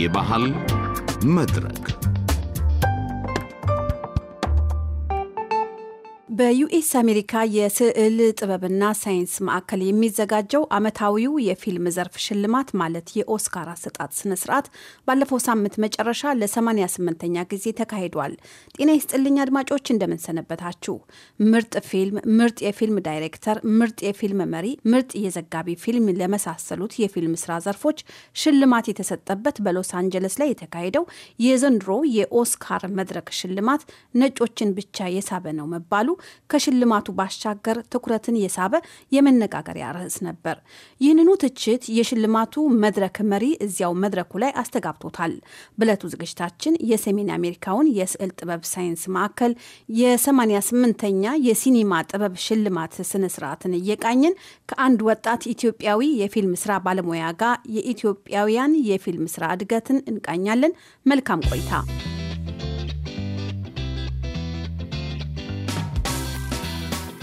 የባህል መድረክ በዩኤስ አሜሪካ የስዕል ጥበብና ሳይንስ ማዕከል የሚዘጋጀው ዓመታዊው የፊልም ዘርፍ ሽልማት ማለት የኦስካር አሰጣጥ ስነስርዓት ባለፈው ሳምንት መጨረሻ ለ88ኛ ጊዜ ተካሂዷል። ጤና ይስጥልኝ አድማጮች፣ እንደምንሰነበታችሁ። ምርጥ ፊልም፣ ምርጥ የፊልም ዳይሬክተር፣ ምርጥ የፊልም መሪ፣ ምርጥ የዘጋቢ ፊልም ለመሳሰሉት የፊልም ስራ ዘርፎች ሽልማት የተሰጠበት በሎስ አንጀለስ ላይ የተካሄደው የዘንድሮ የኦስካር መድረክ ሽልማት ነጮችን ብቻ የሳበ ነው መባሉ ከሽልማቱ ባሻገር ትኩረትን የሳበ የመነጋገሪያ ርዕስ ነበር። ይህንኑ ትችት የሽልማቱ መድረክ መሪ እዚያው መድረኩ ላይ አስተጋብቶታል። ብለቱ ዝግጅታችን የሰሜን አሜሪካውን የስዕል ጥበብ ሳይንስ ማዕከል የ88ኛ የሲኒማ ጥበብ ሽልማት ስነስርዓትን እየቃኝን ከአንድ ወጣት ኢትዮጵያዊ የፊልም ስራ ባለሙያ ጋር የኢትዮጵያውያን የፊልም ስራ እድገትን እንቃኛለን። መልካም ቆይታ።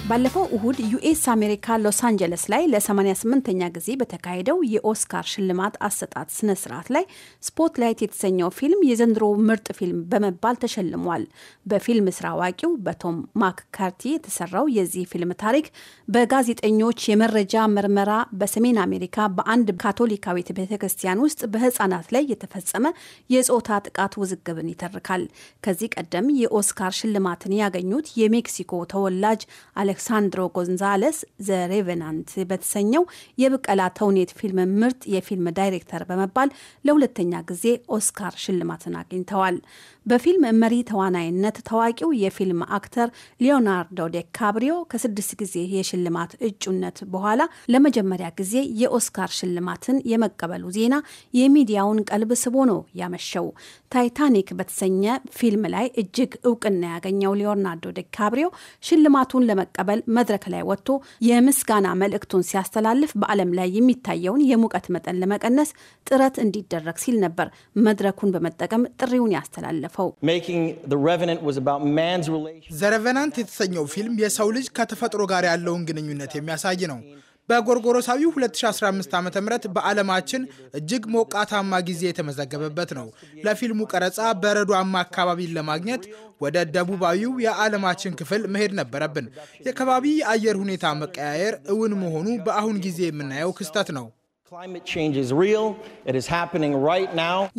ባለፈው እሁድ ዩኤስ አሜሪካ ሎስ አንጀለስ ላይ ለ88ኛ ጊዜ በተካሄደው የኦስካር ሽልማት አሰጣጥ ስነ ስርዓት ላይ ስፖትላይት የተሰኘው ፊልም የዘንድሮ ምርጥ ፊልም በመባል ተሸልሟል። በፊልም ስራ አዋቂው በቶም ማክ ካርቲ የተሰራው የዚህ ፊልም ታሪክ በጋዜጠኞች የመረጃ ምርመራ በሰሜን አሜሪካ በአንድ ካቶሊካዊት ቤተ ክርስቲያን ውስጥ በህፃናት ላይ የተፈጸመ የጾታ ጥቃት ውዝግብን ይተርካል። ከዚህ ቀደም የኦስካር ሽልማትን ያገኙት የሜክሲኮ ተወላጅ አለ። አሌክሳንድሮ ጎንዛለስ ዘ ሬቨናንት በተሰኘው የብቀላ ተውኔት ፊልም ምርጥ የፊልም ዳይሬክተር በመባል ለሁለተኛ ጊዜ ኦስካር ሽልማትን አግኝተዋል። በፊልም መሪ ተዋናይነት ታዋቂው የፊልም አክተር ሊዮናርዶ ዴካብሪዮ ከስድስት ጊዜ የሽልማት እጩነት በኋላ ለመጀመሪያ ጊዜ የኦስካር ሽልማትን የመቀበሉ ዜና የሚዲያውን ቀልብ ስቦ ነው ያመሸው። ታይታኒክ በተሰኘ ፊልም ላይ እጅግ እውቅና ያገኘው ሊዮናርዶ ዴካብሪዮ ሽልማቱን ለመቀበል ለመቀበል መድረክ ላይ ወጥቶ የምስጋና መልእክቱን ሲያስተላልፍ በዓለም ላይ የሚታየውን የሙቀት መጠን ለመቀነስ ጥረት እንዲደረግ ሲል ነበር መድረኩን በመጠቀም ጥሪውን ያስተላለፈው። ዘረቨናንት የተሰኘው ፊልም የሰው ልጅ ከተፈጥሮ ጋር ያለውን ግንኙነት የሚያሳይ ነው። በጎርጎሮሳዊው 2015 ዓ ም በዓለማችን እጅግ ሞቃታማ ጊዜ የተመዘገበበት ነው። ለፊልሙ ቀረጻ በረዷማ አካባቢን ለማግኘት ወደ ደቡባዊው የዓለማችን ክፍል መሄድ ነበረብን። የከባቢ አየር ሁኔታ መቀያየር እውን መሆኑ በአሁን ጊዜ የምናየው ክስተት ነው።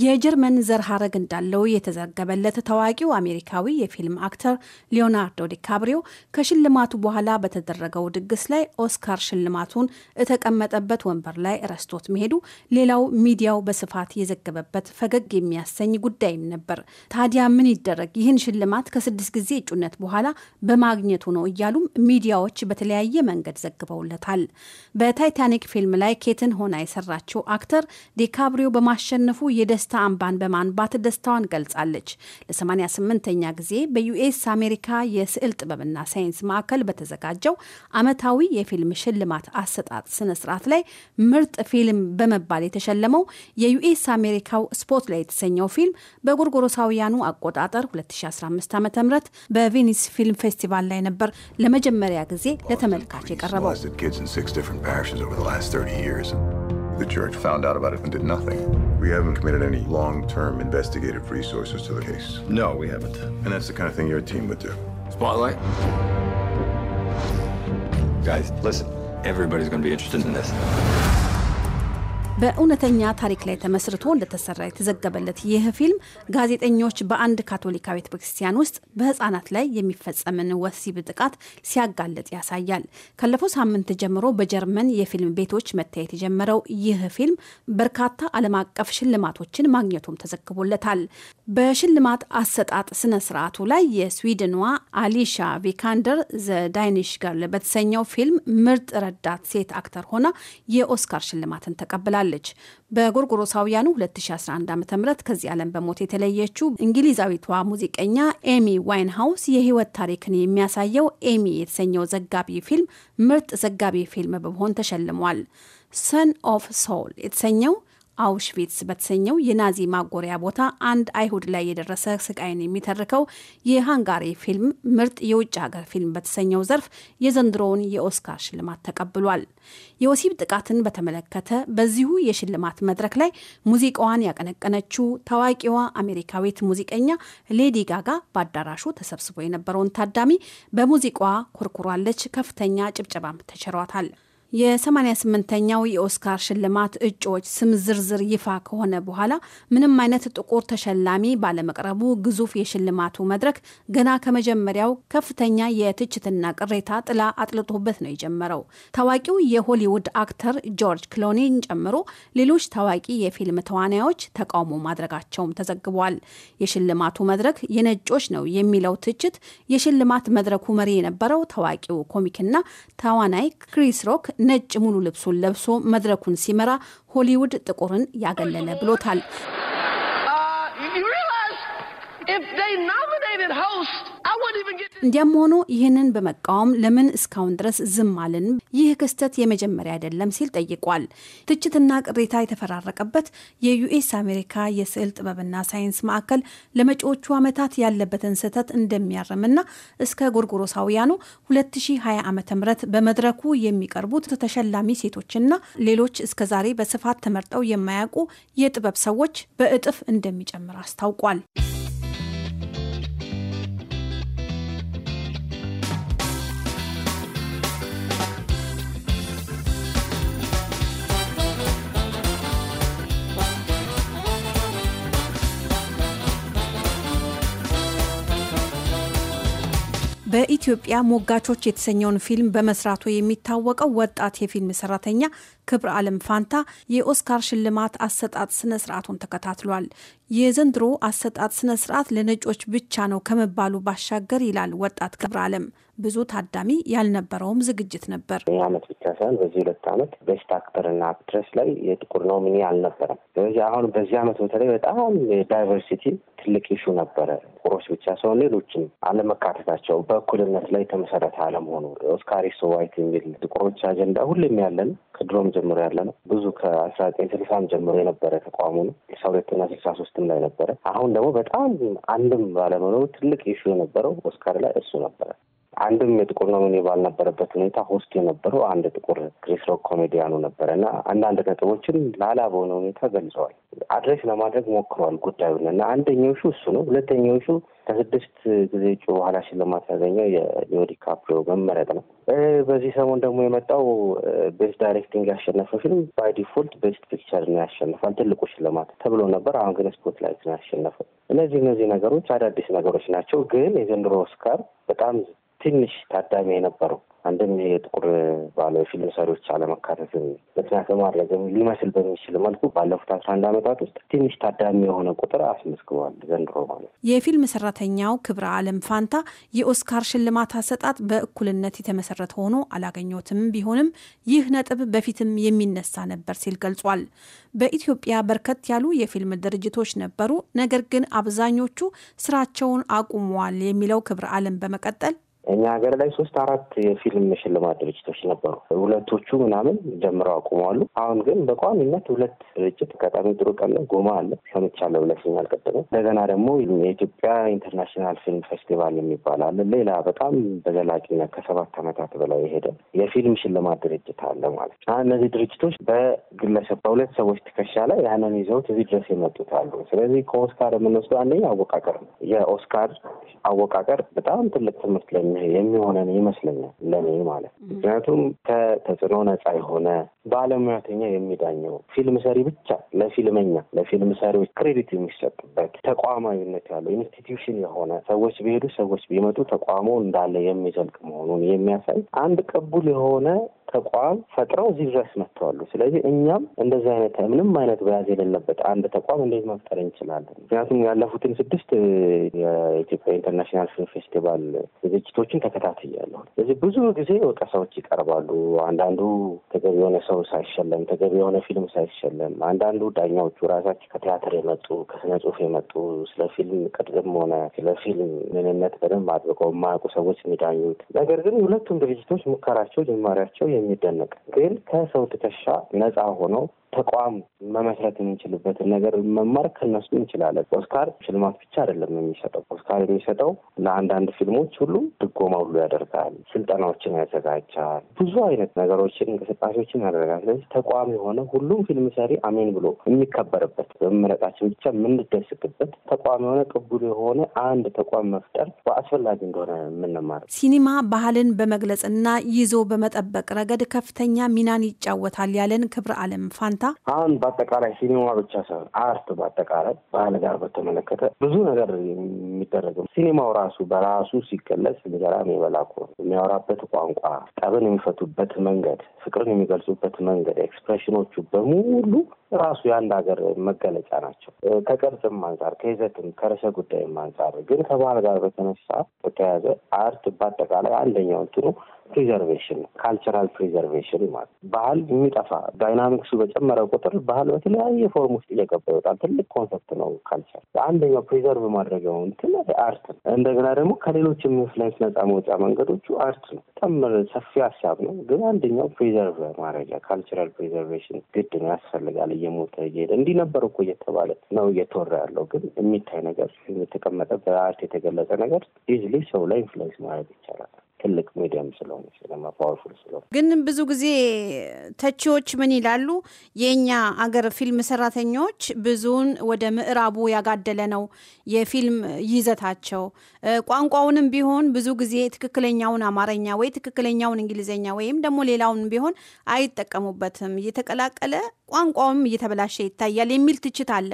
የጀርመን ዘር ሀረግ እንዳለው የተዘገበለት ታዋቂው አሜሪካዊ የፊልም አክተር ሊዮናርዶ ዲካብሪዮ ከሽልማቱ በኋላ በተደረገው ድግስ ላይ ኦስካር ሽልማቱን የተቀመጠበት ወንበር ላይ ረስቶት መሄዱ ሌላው ሚዲያው በስፋት የዘገበበት ፈገግ የሚያሰኝ ጉዳይም ነበር። ታዲያ ምን ይደረግ ይህን ሽልማት ከስድስት ጊዜ እጩነት በኋላ በማግኘቱ ነው እያሉም ሚዲያዎች በተለያየ መንገድ ዘግበውለታል። በታይታኒክ ፊልም ላይ ኬትን ሆና የሰራችው አክተር ዲካብሪዮ በማሸነፉ የደስታ አምባን በማንባት ደስታዋን ገልጻለች። ለ88ኛ ጊዜ በዩኤስ አሜሪካ የስዕል ጥበብና ሳይንስ ማዕከል በተዘጋጀው ዓመታዊ የፊልም ሽልማት አሰጣጥ ስነ ስርዓት ላይ ምርጥ ፊልም በመባል የተሸለመው የዩኤስ አሜሪካው ስፖት ላይ የተሰኘው ፊልም በጎርጎሮሳውያኑ አቆጣጠር 2015 ዓ ም በቬኒስ ፊልም ፌስቲቫል ላይ ነበር ለመጀመሪያ ጊዜ ለተመልካች የቀረበው። The church found out about it and did nothing. We haven't committed any long-term investigative resources to the case. No, we haven't. And that's the kind of thing your team would do. Spotlight? Guys, listen. Everybody's gonna be interested in this. በእውነተኛ ታሪክ ላይ ተመስርቶ እንደተሰራ የተዘገበለት ይህ ፊልም ጋዜጠኞች በአንድ ቤተ ክርስቲያን ውስጥ በህፃናት ላይ የሚፈጸምን ወሲብ ጥቃት ሲያጋለጥ ያሳያል። ካለፈው ሳምንት ጀምሮ በጀርመን የፊልም ቤቶች መታየት የጀመረው ይህ ፊልም በርካታ ዓለም አቀፍ ሽልማቶችን ማግኘቱም ተዘግቦለታል። በሽልማት አሰጣጥ ስነ ስርዓቱ ላይ የስዊድኗ አሊሻ ቪካንደር ዘ ዳይኒሽ በተሰኘው ፊልም ምርጥ ረዳት ሴት አክተር ሆና የኦስካር ሽልማትን ተቀብላል። ተገኝታለች። በጎርጎሮሳውያኑ 2011 ዓ ም ከዚህ ዓለም በሞት የተለየችው እንግሊዛዊቷ ሙዚቀኛ ኤሚ ዋይንሃውስ የህይወት ታሪክን የሚያሳየው ኤሚ የተሰኘው ዘጋቢ ፊልም ምርጥ ዘጋቢ ፊልም በመሆን ተሸልሟል። ሰን ኦፍ ሶል የተሰኘው አውሽቪትስ በተሰኘው የናዚ ማጎሪያ ቦታ አንድ አይሁድ ላይ የደረሰ ስቃይን የሚተርከው የሃንጋሪ ፊልም ምርጥ የውጭ ሀገር ፊልም በተሰኘው ዘርፍ የዘንድሮውን የኦስካር ሽልማት ተቀብሏል። የወሲብ ጥቃትን በተመለከተ በዚሁ የሽልማት መድረክ ላይ ሙዚቃዋን ያቀነቀነችው ታዋቂዋ አሜሪካዊት ሙዚቀኛ ሌዲ ጋጋ በአዳራሹ ተሰብስቦ የነበረውን ታዳሚ በሙዚቃዋ ኮርኩሯለች። ከፍተኛ ጭብጨባም ተቸሯታል። የ88ኛው የኦስካር ሽልማት እጩዎች ስም ዝርዝር ይፋ ከሆነ በኋላ ምንም አይነት ጥቁር ተሸላሚ ባለመቅረቡ ግዙፍ የሽልማቱ መድረክ ገና ከመጀመሪያው ከፍተኛ የትችትና ቅሬታ ጥላ አጥልጦበት ነው የጀመረው። ታዋቂው የሆሊውድ አክተር ጆርጅ ክሎኒን ጨምሮ ሌሎች ታዋቂ የፊልም ተዋናዮች ተቃውሞ ማድረጋቸውም ተዘግቧል። የሽልማቱ መድረክ የነጮች ነው የሚለው ትችት የሽልማት መድረኩ መሪ የነበረው ታዋቂው ኮሚክና ተዋናይ ክሪስ ሮክ ነጭ ሙሉ ልብሱን ለብሶ መድረኩን ሲመራ ሆሊውድ ጥቁርን ያገለለ ብሎታል። uh, እንዲያም ሆኖ ይህንን በመቃወም ለምን እስካሁን ድረስ ዝም አልን? ይህ ክስተት የመጀመሪያ አይደለም ሲል ጠይቋል። ትችትና ቅሬታ የተፈራረቀበት የዩኤስ አሜሪካ የስዕል ጥበብና ሳይንስ ማዕከል ለመጪዎቹ ዓመታት ያለበትን ስህተት እንደሚያርምና እስከ ጎርጎሮሳውያኑ 2020 ዓ ም በመድረኩ የሚቀርቡት ተሸላሚ ሴቶችና ሌሎች እስከዛሬ በስፋት ተመርጠው የማያውቁ የጥበብ ሰዎች በእጥፍ እንደሚጨምር አስታውቋል። በኢትዮጵያ ሞጋቾች የተሰኘውን ፊልም በመስራቱ የሚታወቀው ወጣት የፊልም ሰራተኛ ክብረ ዓለም ፋንታ የኦስካር ሽልማት አሰጣጥ ስነ ስርዓቱን ተከታትሏል። የዘንድሮ አሰጣጥ ስነ ስርዓት ለነጮች ብቻ ነው ከመባሉ ባሻገር ይላል ወጣት ክብረ አለም ብዙ ታዳሚ ያልነበረውም ዝግጅት ነበር። ይህ አመት ብቻ ሳይሆን በዚህ ሁለት ዓመት ቤስት አክተርና አክትረስ ላይ የጥቁር ኖሚኒ አልነበረም። ስለዚህ አሁን በዚህ አመት በተለይ በጣም ዳይቨርሲቲ ትልቅ ኢሹ ነበረ። ጥቁሮች ብቻ ሳይሆን ሌሎችም አለመካተታቸው በእኩልነት ላይ ተመሰረተ አለመሆኑ ኦስካሪ ሶዋይት የሚል ጥቁሮች አጀንዳ ሁሌም ያለን ከድሮም ጀምሮ ያለ ነው። ብዙ ከአስራ ዘጠኝ ስልሳም ጀምሮ የነበረ ተቋሙ ነው። ስልሳ ሁለትና ስልሳ ሶስትም ላይ ነበረ። አሁን ደግሞ በጣም አንድም ባለመኖሩ ትልቅ ኢሹ የነበረው ኦስካር ላይ እሱ ነበረ። አንድም የጥቁር ኖሚኒ ባልነበረበት ሁኔታ ሆስት የነበረው አንድ ጥቁር ግሪስ ሮክ ኮሜዲያኑ ነበረ እና አንዳንድ ነጥቦችን ላላ በሆነ ሁኔታ ገልጸዋል። አድሬስ ለማድረግ ሞክረዋል ጉዳዩን እና አንደኛው ሹ እሱ ነው። ሁለተኛው ሹ ከስድስት ጊዜ እጩ በኋላ ሽልማት ያገኘው የሌኦ ዲካፕሪዮ መመረጥ ነው። በዚህ ሰሞን ደግሞ የመጣው ቤስት ዳይሬክቲንግ ያሸነፈው ፊልም ባይ ዲፎልት ቤስት ፒክቸር ነው ያሸንፋል ትልቁ ሽልማት ተብሎ ነበር። አሁን ግን ላይት ነው ያሸነፈው። እነዚህ እነዚህ ነገሮች አዳዲስ ነገሮች ናቸው። ግን የዘንድሮ ኦስካር በጣም ትንሽ ታዳሚ የነበረው አንድም የጥቁር ባለ ፊልም ሰሪዎች አለመካተት ምክንያት በማድረግ ሊመስል በሚችል መልኩ ባለፉት አስራ አንድ ዓመታት ውስጥ ትንሽ ታዳሚ የሆነ ቁጥር አስመዝግቧል። ዘንድሮ ማለት የፊልም ሰራተኛው ክብረ ዓለም ፋንታ የኦስካር ሽልማት አሰጣጥ በእኩልነት የተመሰረተ ሆኖ አላገኘትም። ቢሆንም ይህ ነጥብ በፊትም የሚነሳ ነበር ሲል ገልጿል። በኢትዮጵያ በርከት ያሉ የፊልም ድርጅቶች ነበሩ፣ ነገር ግን አብዛኞቹ ስራቸውን አቁመዋል የሚለው ክብረ ዓለም በመቀጠል እኛ ሀገር ላይ ሶስት አራት የፊልም ሽልማት ድርጅቶች ነበሩ። ሁለቶቹ ምናምን ጀምረው አቁመዋሉ። አሁን ግን በቋሚነት ሁለት ድርጅት አጋጣሚ ጥሩ ቀን ጎማ አለ ሰምቻለሁ። ለፊልም አልቀጥልም። እንደገና ደግሞ የኢትዮጵያ ኢንተርናሽናል ፊልም ፌስቲቫል የሚባል አለ። ሌላ በጣም በዘላቂነት ከሰባት ዓመታት በላይ የሄደ የፊልም ሽልማት ድርጅት አለ ማለት ነው። እነዚህ ድርጅቶች በግለሰብ በሁለት ሰዎች ትከሻ ላይ ያንን ይዘውት እዚህ ድረስ የመጡት አሉ። ስለዚህ ከኦስካር የምንወስደው አንደኛ አወቃቀር ነው። የኦስካር አወቃቀር በጣም ትልቅ ትምህርት የሚሆነን ይመስለኛል ለኔ ማለት ምክንያቱም ከተጽዕኖ ነጻ የሆነ ባለሙያተኛ የሚዳኘው ፊልም ሰሪ ብቻ ለፊልመኛ ለፊልም ሰሪዎች ክሬዲት የሚሰጥበት ተቋማዊነት ያለው ኢንስቲትዩሽን የሆነ ሰዎች ቢሄዱ ሰዎች ቢመጡ ተቋሙ እንዳለ የሚዘልቅ መሆኑን የሚያሳይ አንድ ቅቡል የሆነ ተቋም ፈጥረው እዚህ ድረስ መጥተዋሉ። ስለዚህ እኛም እንደዚህ አይነት ምንም አይነት በያዝ የሌለበት አንድ ተቋም እንዴት መፍጠር እንችላለን? ምክንያቱም ያለፉትን ስድስት የኢትዮጵያ ኢንተርናሽናል ፊልም ፌስቲቫል ዝግጅቶችን ተከታትያለሁ። ስለዚህ ብዙ ጊዜ ወቀሳዎች ይቀርባሉ። አንዳንዱ ተገቢ የሆነ ሰው ሳይሸለም፣ ተገቢ የሆነ ፊልም ሳይሸለም፣ አንዳንዱ ዳኛዎቹ ራሳቸው ከቲያትር የመጡ ከስነ ጽሁፍ የመጡ ስለ ፊልም ቅድም ሆነ ስለ ፊልም ምንነት በደንብ አጥብቀው የማያውቁ ሰዎች የሚዳኙት ነገር ግን ሁለቱም ድርጅቶች ሙከራቸው ጀማሪያቸው የሚደነቅ ግን ከሰው ትከሻ ነፃ ሆነው ተቋም መመስረት የምንችልበትን ነገር መማር ከነሱ እንችላለን። ኦስካር ሽልማት ብቻ አይደለም የሚሰጠው። ኦስካር የሚሰጠው ለአንዳንድ ፊልሞች ሁሉ ድጎማ ሁሉ ያደርጋል፣ ስልጠናዎችን ያዘጋጃል፣ ብዙ አይነት ነገሮችን እንቅስቃሴዎችን ያደርጋል። ስለዚህ ተቋም የሆነ ሁሉም ፊልም ሰሪ አሜን ብሎ የሚከበርበት በመመረጣችን ብቻ የምንደስቅበት ተቋም የሆነ ቅቡል የሆነ አንድ ተቋም መፍጠር በአስፈላጊ እንደሆነ የምንማር ሲኒማ ባህልን በመግለጽና ይዞ በመጠበቅ ረገድ ከፍተኛ ሚናን ይጫወታል ያለን ክብረ ዓለም ፋንታ ሁኔታ አሁን በአጠቃላይ ሲኒማ ብቻ ሳይሆን አርት በአጠቃላይ ባህል ጋር በተመለከተ ብዙ ነገር የሚደረገው ሲኒማው ራሱ በራሱ ሲገለጽ እንጀራ የሚበላ እኮ የሚያወራበት ቋንቋ፣ ጠብን የሚፈቱበት መንገድ፣ ፍቅርን የሚገልጹበት መንገድ፣ ኤክስፕሬሽኖቹ በሙሉ ራሱ የአንድ ሀገር መገለጫ ናቸው። ከቅርጽም አንጻር ከይዘትም ከርዕሰ ጉዳይም አንጻር ግን ከባህል ጋር በተነሳ በተያያዘ አርት በአጠቃላይ አንደኛው እንትኑ ፕሪዘርቬሽን ካልቸራል ፕሪዘርቬሽን ማለት ባህል የሚጠፋ ዳይናሚክሱ በጨመረ ቁጥር ባህል በተለያየ ፎርም ውስጥ እየገባ ይወጣል። ትልቅ ኮንሰፕት ነው ካልቸር። አንደኛው ፕሪዘርቭ ማድረግ ነው እንትን አርት ነው። እንደገና ደግሞ ከሌሎች ኢንፍሉዌንስ ነፃ መውጫ መንገዶቹ አርት ነው። በጣም ሰፊ ሀሳብ ነው፣ ግን አንደኛው ፕሪዘርቭ ማድረጊያ ካልቸራል ፕሪዘርቬሽን ግድ ነው፣ ያስፈልጋል። እየሞተ እየሄደ እንዲህ ነበር እኮ እየተባለ ነው እየተወራ ያለው፣ ግን የሚታይ ነገር የተቀመጠ በአርት የተገለጸ ነገር ኢዝሊ ሰው ላይ ኢንፍሉዌንስ ማድረግ ይቻላል። ትልቅ ሚዲየም ስለሆነ ፓወርፉል ስለሆነ ግን ብዙ ጊዜ ተቺዎች ምን ይላሉ? የእኛ አገር ፊልም ሰራተኞች ብዙውን ወደ ምዕራቡ ያጋደለ ነው የፊልም ይዘታቸው። ቋንቋውንም ቢሆን ብዙ ጊዜ ትክክለኛውን አማርኛ ወይ ትክክለኛውን እንግሊዝኛ ወይም ደግሞ ሌላውን ቢሆን አይጠቀሙበትም። እየተቀላቀለ ቋንቋውም እየተበላሸ ይታያል የሚል ትችት አለ።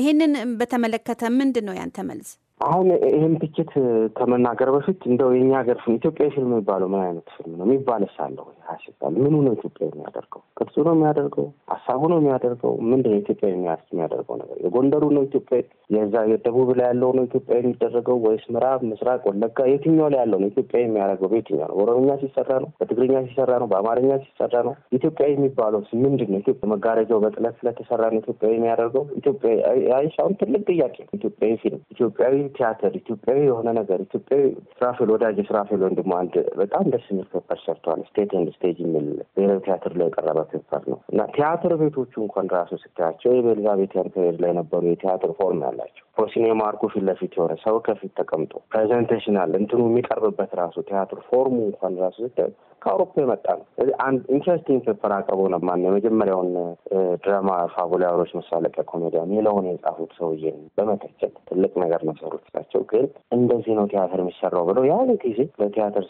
ይሄንን በተመለከተ ምንድን ነው ያንተ መልስ? አሁን ይህን ትችት ከመናገር በፊት እንደው የኛ ሀገር ፊልም ኢትዮጵያዊ ፊልም የሚባለው ምን አይነት ፊልም ነው የሚባልስ አለው ሲባል ምኑ ነው ኢትዮጵያ የሚያደርገው? ቅርጹ ነው የሚያደርገው? ሀሳቡ ነው የሚያደርገው? ምንድነው ኢትዮጵያ የሚያርስ የሚያደርገው ነገር? የጎንደሩ ነው ኢትዮጵያ? የዛ የደቡብ ላይ ያለው ነው ኢትዮጵያ የሚደረገው ወይስ ምዕራብ፣ ምስራቅ፣ ወለጋ የትኛው ላይ ያለው ነው ኢትዮጵያ የሚያደርገው? በየትኛው ነው? በኦሮምኛ ሲሰራ ነው? በትግርኛ ሲሰራ ነው? በአማርኛ ሲሰራ ነው? ኢትዮጵያ የሚባለው ምንድን ነው? ኢትዮጵያ መጋረጃው በጥለት ስለተሰራ ነው ኢትዮጵያ የሚያደርገው? ኢትዮጵያ አይሻውን ትልቅ ጥያቄ ኢትዮጵያዊ ፊልም ኢትዮጵያዊ ቲያትር ኢትዮጵያዊ የሆነ ነገር ኢትዮጵያዊ ስራፌል ወዳጅ ስራፌል ወንድሞ አንድ በጣም ደስ የሚል ፔፐር ሰርተዋል። ስቴት ኤንድ ስቴጅ የሚል ብሔራዊ ቲያትር ላይ የቀረበ ፔፐር ነው እና ቲያትር ቤቶቹ እንኳን ራሱ ስታያቸው የቤልዛቤት ፔሪድ ላይ ነበሩ የቲያትር ፎርም ያላቸው ኦሲኔ ማርኩ ፊት ለፊት የሆነ ሰው ከፊት ተቀምጦ ፕሬዘንቴሽን አለ እንትኑ የሚቀርብበት ራሱ ቲያትሩ ፎርሙ እንኳን ራሱ ከአውሮፓ የመጣ ነው። አንድ ኢንትረስቲንግ ፔፐር አቅርቦ ነው የመጀመሪያውን ድራማ ፋቡላሮች መሳለቂያ ኮሜዲያ የለውን የጻፉት ሰውዬ በመተቸት ትልቅ ነገር ነው ሰሩት። ግን እንደዚህ ነው ቲያትር የሚሰራው ብለው ያን ጊዜ ለቲያትር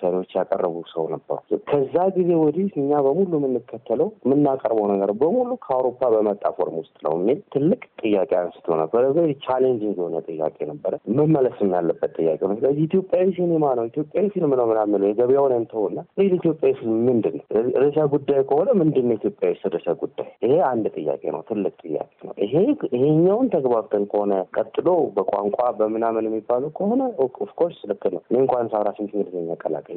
ሰሪዎች ያቀረቡ ሰው ነበሩ። ከዛ ጊዜ ወዲህ እኛ በሙሉ የምንከተለው የምናቀርበው ነገር በሙሉ ከአውሮፓ በመጣ ፎርም ውስጥ ነው የሚል ትልቅ ጥያቄ አንስቶ ነበር። ቻሌንጂንግ የሆነ ጥያቄ ነበረ፣ መመለስም ያለበት ጥያቄ ነው። ስለዚህ ኢትዮጵያዊ ሲኒማ ነው ኢትዮጵያዊ ፊልም ነው ምናምን የገበያውን እንተውና ሪል ኢትዮጵያዊ ፊልም ምንድን ነው? ርዕሰ ጉዳይ ከሆነ ምንድን ነው ኢትዮጵያዊ ርዕሰ ጉዳይ? ይሄ አንድ ጥያቄ ነው፣ ትልቅ ጥያቄ ነው። ይሄ ይሄኛውን ተግባብተን ከሆነ ቀጥሎ በቋንቋ በምናምን የሚባሉ ከሆነ ኦፍኮርስ ልክ ነው። እኔ እንኳን ሰራ ስንት እንግሊዝኛ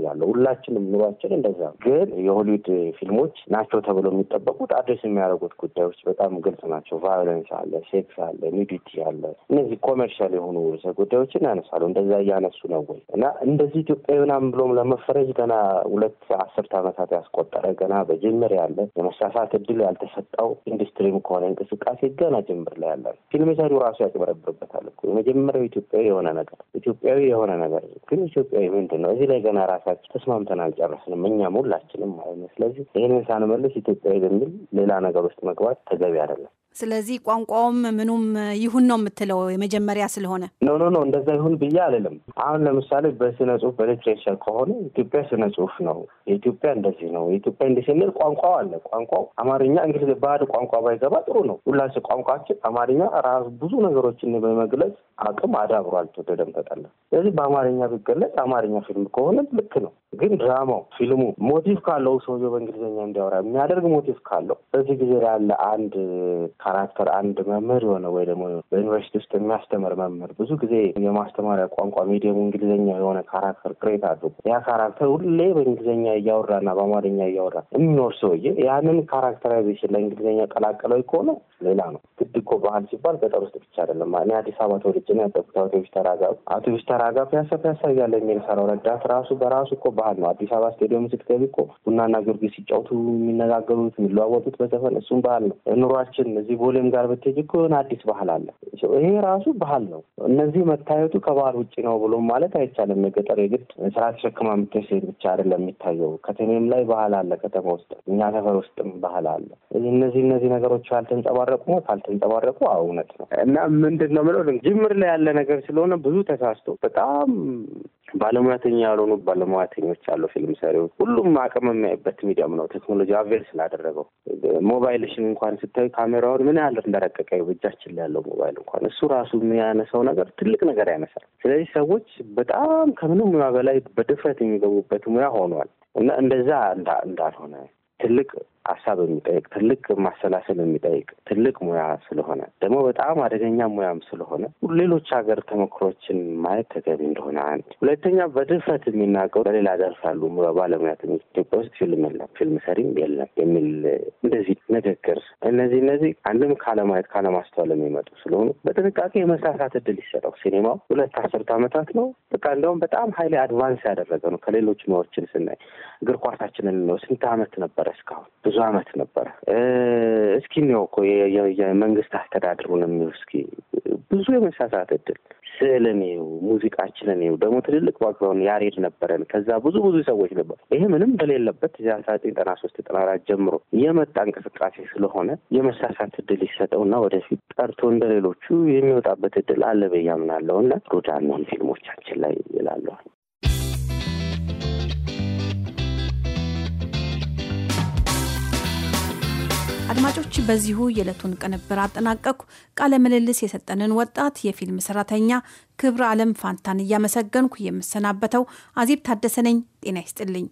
ያለው ሁላችንም ኑሯችን እንደዛ ነው። ግን የሆሊውድ ፊልሞች ናቸው ተብሎ የሚጠበቁት አድሬስ የሚያደርጉት ጉዳዮች በጣም ግልጽ ናቸው። ቫዮለንስ አለ፣ ሴክስ አለ፣ ኒዲቲ አለ፣ እነዚህ ኮመርሻል የሆኑ ርዕሰ ጉዳዮችን ያነሳሉ። እንደዛ እያነሱ ነው ወይ እና እንደዚህ ኢትዮጵያዊ ምናምን ብሎም ለመፈረጅ ገና ሁለት አስርት ዓመታት ያስቆጠረ ገና በጅምር ያለ የመሳሳት እድል ያልተሰጠው ኢንዱስትሪም ከሆነ እንቅስቃሴ ገና ጅምር ላይ ያለ ፊልም ሰሪው ራሱ ያጭበረብርበታል እኮ የመጀመሪያው ኢትዮጵያዊ የሆነ ነገር ኢትዮጵያዊ የሆነ ነገር ግን ኢትዮጵያዊ ምንድን ነው? እዚህ ላይ ገና ራሳችን ተስማምተን አልጨረስንም እኛም ሁላችንም ማለት ነው። ስለዚህ ይህንን ሳንመልስ ኢትዮጵያዊ በሚል ሌላ ነገር ውስጥ መግባት ተገቢ አይደለም። ስለዚህ ቋንቋውም ምኑም ይሁን ነው የምትለው የመጀመሪያ ስለሆነ? ኖ ኖ ኖ እንደዛ ይሁን ብዬ አልልም። አሁን ለምሳሌ በስነ ጽሁፍ በሊትሬቸር ከሆነ ኢትዮጵያ ስነ ጽሁፍ ነው፣ የኢትዮጵያ እንደዚህ ነው፣ የኢትዮጵያ እንደዚህ ስንል ቋንቋው አለ። ቋንቋው አማርኛ እንግሊዝ ባዕድ ቋንቋ ባይገባ ጥሩ ነው። ሁላስ ቋንቋችን አማርኛ ራሱ ብዙ ነገሮችን በመግለጽ አቅም አዳብሮ አልተወደደም ተጠለ። ስለዚህ በአማርኛ ቢገለጽ አማርኛ ፊልም ከሆነ ልክ ነው። ግን ድራማው ፊልሙ ሞቲቭ ካለው ሰውየው በእንግሊዝኛ እንዲያወራ የሚያደርግ ሞቲቭ ካለው በዚህ ጊዜ ያለ አንድ ካራክተር አንድ መምህር የሆነ ወይ ደግሞ በዩኒቨርሲቲ ውስጥ የሚያስተምር መምህር ብዙ ጊዜ የማስተማሪያ ቋንቋ ሚዲየሙ እንግሊዝኛ የሆነ ካራክተር ቅሬት አድርጎ ያ ካራክተር ሁሌ በእንግሊዝኛ እያወራና በአማርኛ እያወራ የሚኖር ሰውዬ ያንን ካራክተራይዜሽን ለእንግሊዝኛ ቀላቀለው ከሆነ ሌላ ነው። ግድ እኮ ባህል ሲባል ገጠር ውስጥ ብቻ አይደለም። እኔ አዲስ አበባ ተወልጄ ነው ያደኩት። አውቶቢስ ተራ ጋር አውቶቢስ ተራ ጋር ፒያሳ ፒያሳ እያለ የሚሰራው ረዳት ራሱ በራሱ እኮ ባህል ነው። አዲስ አበባ ስቴዲየም ስትገቢ እኮ ቡናና ጊዮርጊስ ሲጫወቱ የሚነጋገሩት የሚለዋወጡት በዘፈን እሱም ባህል ነው። ኑሯችን እዚህ ከዚህ ቦሌም ጋር ብትሄጅ እኮ የሆነ አዲስ ባህል አለ። ይሄ ራሱ ባህል ነው። እነዚህ መታየቱ ከባህል ውጭ ነው ብሎ ማለት አይቻልም። የገጠር የግድ ስራ ተሸክማ የምትሄድ ሴት ብቻ አይደለም የሚታየው። ከተሜም ላይ ባህል አለ። ከተማ ውስጥ እኛ ሰፈር ውስጥም ባህል አለ። እነዚህ እነዚህ ነገሮች ካልተንጸባረቁ ነው ካልተንጸባረቁ እውነት ነው እና ምንድን ነው ምለው ጅምር ላይ ያለ ነገር ስለሆነ ብዙ ተሳስቶ በጣም ባለሙያተኛ ያልሆኑ ባለሙያተኞች አሉ። ፊልም ሰሪዎች ሁሉም አቅም የሚያይበት ሚዲያም ነው። ቴክኖሎጂ አቬል ስላደረገው ሞባይልሽን እንኳን ስታዩ ካሜራውን ምን ያህል እንደረቀቀ እጃችን ላይ ያለው ሞባይል እንኳን እሱ ራሱ የሚያነሳው ነገር ትልቅ ነገር ያነሳል። ስለዚህ ሰዎች በጣም ከምንም ሙያ በላይ በድፍረት የሚገቡበት ሙያ ሆኗል እና እንደዛ እንዳልሆነ ትልቅ ሀሳብ የሚጠይቅ ትልቅ ማሰላሰል የሚጠይቅ ትልቅ ሙያ ስለሆነ ደግሞ በጣም አደገኛ ሙያም ስለሆነ ሌሎች ሀገር ተሞክሮችን ማየት ተገቢ እንደሆነ አንድ ሁለተኛ በድፍረት የሚናገሩ በሌላ ዘርፍ ያሉ ባለሙያ ኢትዮጵያ ውስጥ ፊልም የለም፣ ፊልም ሰሪም የለም የሚል እንደዚህ ንግግር እነዚህ እነዚህ አንድም ካለማየት ካለማስተዋል የሚመጡ ስለሆኑ በጥንቃቄ የመሳሳት እድል ይሰጠው። ሲኔማው ሁለት አስርት ዓመታት ነው በቃ እንደውም በጣም ሀይሌ አድቫንስ ያደረገ ነው ከሌሎች ሙያዎችን ስናይ እግር ኳሳችንን ነው ስንት አመት ነበረ እስካሁን ብዙ አመት ነበረ። እስኪ እኒያው እኮ የመንግስት አስተዳድሩንም እስኪ ብዙ የመሳሳት እድል ስዕልን ይኸው ሙዚቃችንን ይኸው ደግሞ ትልልቅ ባክግራውንድ ያሬድ ነበረን። ከዛ ብዙ ብዙ ሰዎች ነበር። ይሄ ምንም በሌለበት አስራ ዘጠኝ ጠና ሶስት ጠና አራት ጀምሮ የመጣ እንቅስቃሴ ስለሆነ የመሳሳት እድል ይሰጠው እና ወደፊት ጠርቶ እንደ ሌሎቹ የሚወጣበት እድል አለ ብዬ አምናለሁ እና ሩዳን ፊልሞቻችን ላይ ይላለዋል። አድማጮች በዚሁ የዕለቱን ቅንብር አጠናቀቅኩ። ቃለ ምልልስ የሰጠንን ወጣት የፊልም ሰራተኛ ክብረ አለም ፋንታን እያመሰገንኩ የምሰናበተው አዜብ ታደሰነኝ ጤና ይስጥልኝ።